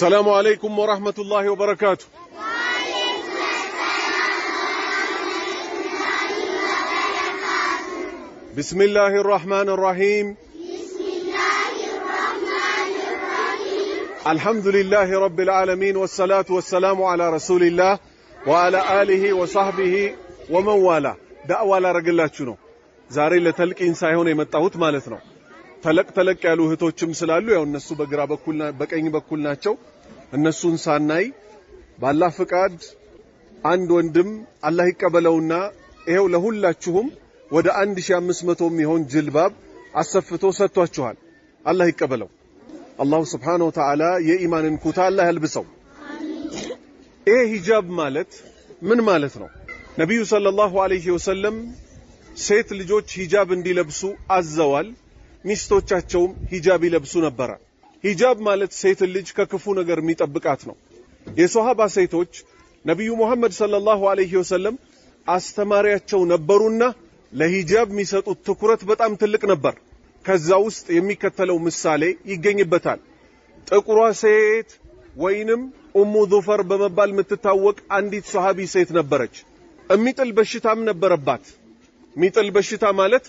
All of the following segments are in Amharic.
السلام عليكم ورحمة الله وبركاته بسم الله الرحمن الرحيم بسم الله الرحمن الرحيم الحمد لله رب العالمين والصلاة والسلام على رسول الله وعلى آله وصحبه ومن والاه دعوة على رجلات شنو زاري إنسان هنا يمتعوت مالتنا ተለቅ ተለቅ ያሉ እህቶችም ስላሉ ያው እነሱ በግራ በኩል በቀኝ በኩል ናቸው። እነሱን ሳናይ ባላህ ፍቃድ አንድ ወንድም አላህ ይቀበለውና ይሄው ለሁላችሁም ወደ 1500 የሚሆን ጅልባብ አሰፍቶ ሰጥቷችኋል። አላህ ይቀበለው። አላሁ ስብሓነሁ ወተዓላ የኢማንን ኩታ አላህ ያልብሰው። ይሄ ሂጃብ ማለት ምን ማለት ነው? ነቢዩ ሰለላሁ ዐለይሂ ወሰለም ሴት ልጆች ሂጃብ እንዲለብሱ አዘዋል። ሚስቶቻቸውም ሂጃብ ይለብሱ ነበረ። ሂጃብ ማለት ሴትን ልጅ ከክፉ ነገር የሚጠብቃት ነው። የሶሃባ ሴቶች ነቢዩ ሙሐመድ ሰለላሁ ዐለይሂ ወሰለም አስተማሪያቸው ነበሩና ለሂጃብ የሚሰጡት ትኩረት በጣም ትልቅ ነበር። ከዛ ውስጥ የሚከተለው ምሳሌ ይገኝበታል። ጥቁሯ ሴት ወይንም ኡሙ ዙፈር በመባል የምትታወቅ አንዲት ሶሃቢ ሴት ነበረች። እሚጥል በሽታም ነበረባት። የሚጥል በሽታ ማለት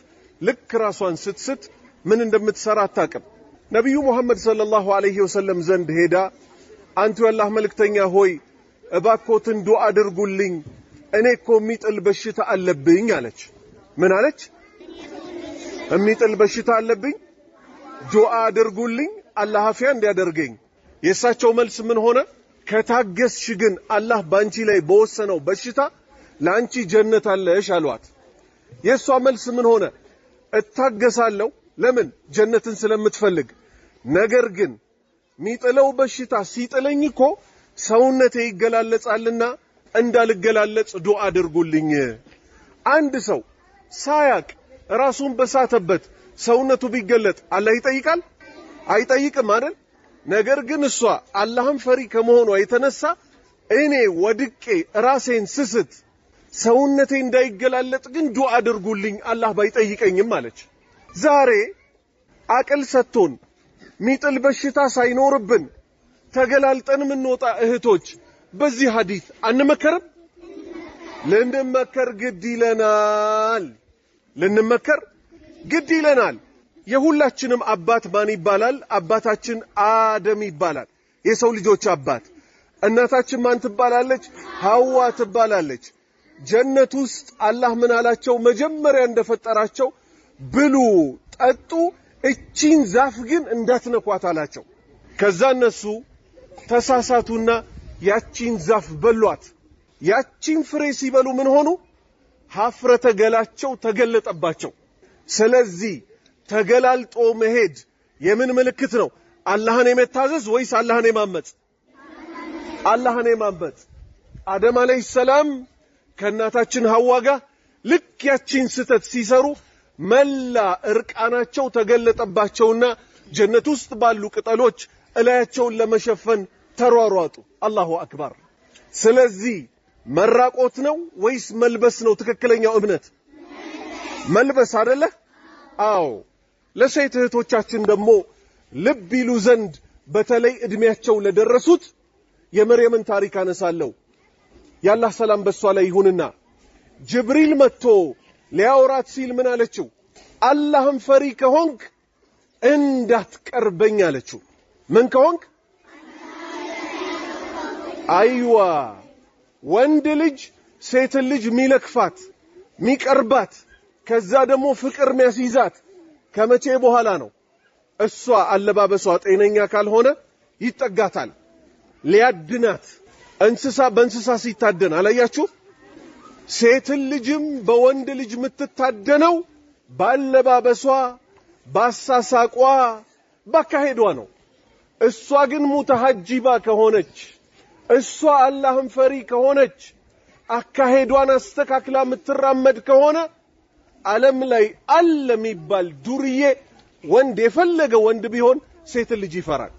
ልክ ራሷን ስትስት ምን እንደምትሰራ አታቅም። ነቢዩ ሙሐመድ ሰለላሁ ዐለይሂ ወሰለም ዘንድ ሄዳ አንቱ የአላህ መልእክተኛ ሆይ እባኮትን ዱዓ አድርጉልኝ፣ እኔ እኮ የሚጥል በሽታ አለብኝ አለች። ምን አለች? የሚጥል በሽታ አለብኝ፣ ዱዓ አድርጉልኝ አላህ አፊያ እንዲያደርገኝ። የእሳቸው መልስ ምን ሆነ? ከታገስሽ ግን አላህ ባንቺ ላይ በወሰነው በሽታ ለአንቺ ጀነት አለሽ አሏት። የእሷ መልስ ምን ሆነ? እታገሳለሁ ለምን ጀነትን ስለምትፈልግ። ነገር ግን ሚጥለው በሽታ ሲጥለኝ እኮ ሰውነቴ ይገላለጻልና እንዳልገላለጽ ዱዓ አድርጉልኝ። አንድ ሰው ሳያቅ ራሱን በሳተበት ሰውነቱ ቢገለጥ አላህ ይጠይቃል? አይጠይቅም አይደል? ነገር ግን እሷ አላህም ፈሪ ከመሆኗ የተነሳ እኔ ወድቄ ራሴን ስስት ሰውነቴ እንዳይገላለጥ ግን ዱዓ አድርጉልኝ አላህ ባይጠይቀኝም አለች። ዛሬ አቅል ሰጥቶን ሚጥል በሽታ ሳይኖርብን ተገላልጠን የምንወጣ እህቶች በዚህ ሐዲስ አንመከርም? ልንመከር ግድ ይለናል። ልንመከር ግድ ይለናል። የሁላችንም አባት ማን ይባላል? አባታችን አደም ይባላል። የሰው ልጆች አባት። እናታችን ማን ትባላለች? ሐዋ ትባላለች። ጀነት ውስጥ አላህ ምን አላቸው? መጀመሪያ እንደፈጠራቸው ብሉ፣ ጠጡ፣ እቺን ዛፍ ግን እንዳትነኳት አላቸው። ከዛ እነሱ ተሳሳቱና ያቺን ዛፍ በሏት። ያቺን ፍሬ ሲበሉ ምን ሆኑ? ሀፍረተ ገላቸው ተገለጠባቸው። ስለዚህ ተገላልጦ መሄድ የምን ምልክት ነው? አላህን የመታዘዝ ወይስ አላህን የማመጽ? አላህን የማመጽ። አደም አለይሂ ሰላም ከእናታችን ሐዋ ጋር ልክ ያቺን ስህተት ሲሰሩ መላ እርቃናቸው ተገለጠባቸውና ጀነት ውስጥ ባሉ ቅጠሎች እላያቸውን ለመሸፈን ተሯሯጡ። አላሁ አክበር። ስለዚህ መራቆት ነው ወይስ መልበስ ነው ትክክለኛው እምነት? መልበስ አደለ? አዎ። ለሴት እህቶቻችን ደግሞ ልብ ይሉ ዘንድ በተለይ እድሜያቸው ለደረሱት የመርየምን ታሪክ አነሳለሁ። የአላህ ሰላም በሷ ላይ ይሁንና ጅብሪል መጥቶ ሊያወራት ሲል ምን አለችው? አላህን ፈሪ ከሆንክ እንዳትቀርበኝ አለችው። ምን ከሆንክ አይዋ ወንድ ልጅ ሴትን ልጅ ሚለክፋት ሚቀርባት ከዛ ደግሞ ፍቅር ሚያስይዛት ከመቼ በኋላ ነው? እሷ አለባበሷ ጤነኛ ካልሆነ ይጠጋታል፣ ሊያድናት። እንስሳ በእንስሳ ሲታደን አላያችሁ? ሴትን ልጅም በወንድ ልጅ የምትታደነው ባለባበሷ፣ ባሳሳቋ፣ ባካሄዷ ነው። እሷ ግን ሙተሐጂባ ከሆነች እሷ አላህን ፈሪ ከሆነች አካሄዷን አስተካክላ የምትራመድ ከሆነ ዓለም ላይ አለ የሚባል ዱርዬ ወንድ የፈለገ ወንድ ቢሆን ሴት ልጅ ይፈራል።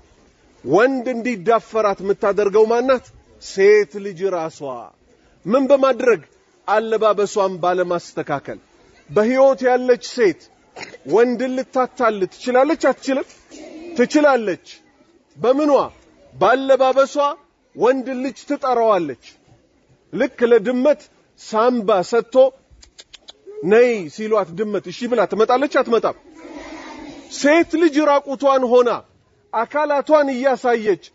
ወንድ እንዲዳፈራት የምታደርገው ማናት? ሴት ልጅ ራሷ ምን በማድረግ አለባበሷን ባለማስተካከል በህይወት ያለች ሴት ወንድን ልታታል ትችላለች? አትችልም? ትችላለች። በምኗ? ባለባበሷ ወንድ ልጅ ትጠራዋለች። ልክ ለድመት ሳምባ ሰጥቶ ነይ ሲሏት ድመት እሺ ብላ ትመጣለች? አትመጣም? ሴት ልጅ ራቁቷን ሆና አካላቷን እያሳየች